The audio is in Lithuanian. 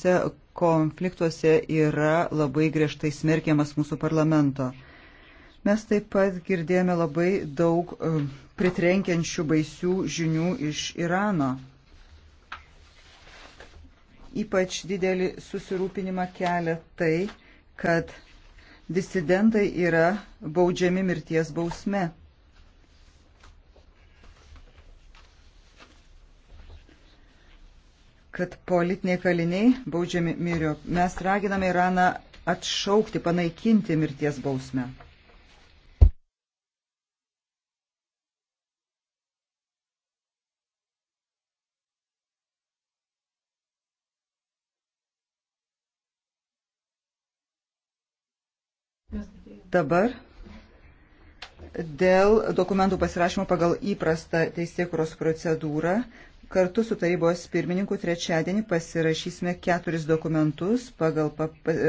šiuose konfliktuose yra labai griežtai smerkiamas mūsų parlamento. Mes taip pat girdėjome labai daug e, pritrenkiančių baisių žinių iš Irano. Ypač didelį susirūpinimą kelia tai, kad disidentai yra baudžiami mirties bausme. kad politiniai kaliniai baudžiami miriu. Mes raginame Iraną atšaukti, panaikinti mirties bausmę. Dabar dėl dokumentų pasirašymo pagal įprastą teisėkuros procedūrą Kartu su tarybos pirmininku trečiadienį pasirašysime keturis dokumentus pagal